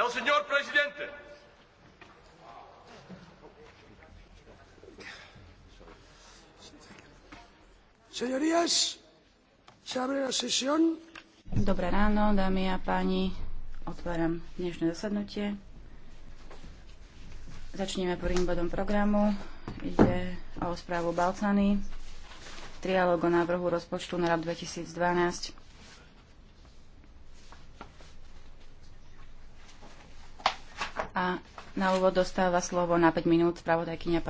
El señor presidente. Señorías, se abre la sesión. Dobré ráno, dámy a páni. Otváram dnešné zasadnutie. Začneme prvým bodom programu. Ide o správu Balcany. Trialóg o návrhu rozpočtu na rok 2012. A na úvod dostáva slovo na 5 minút spravodajkynia pani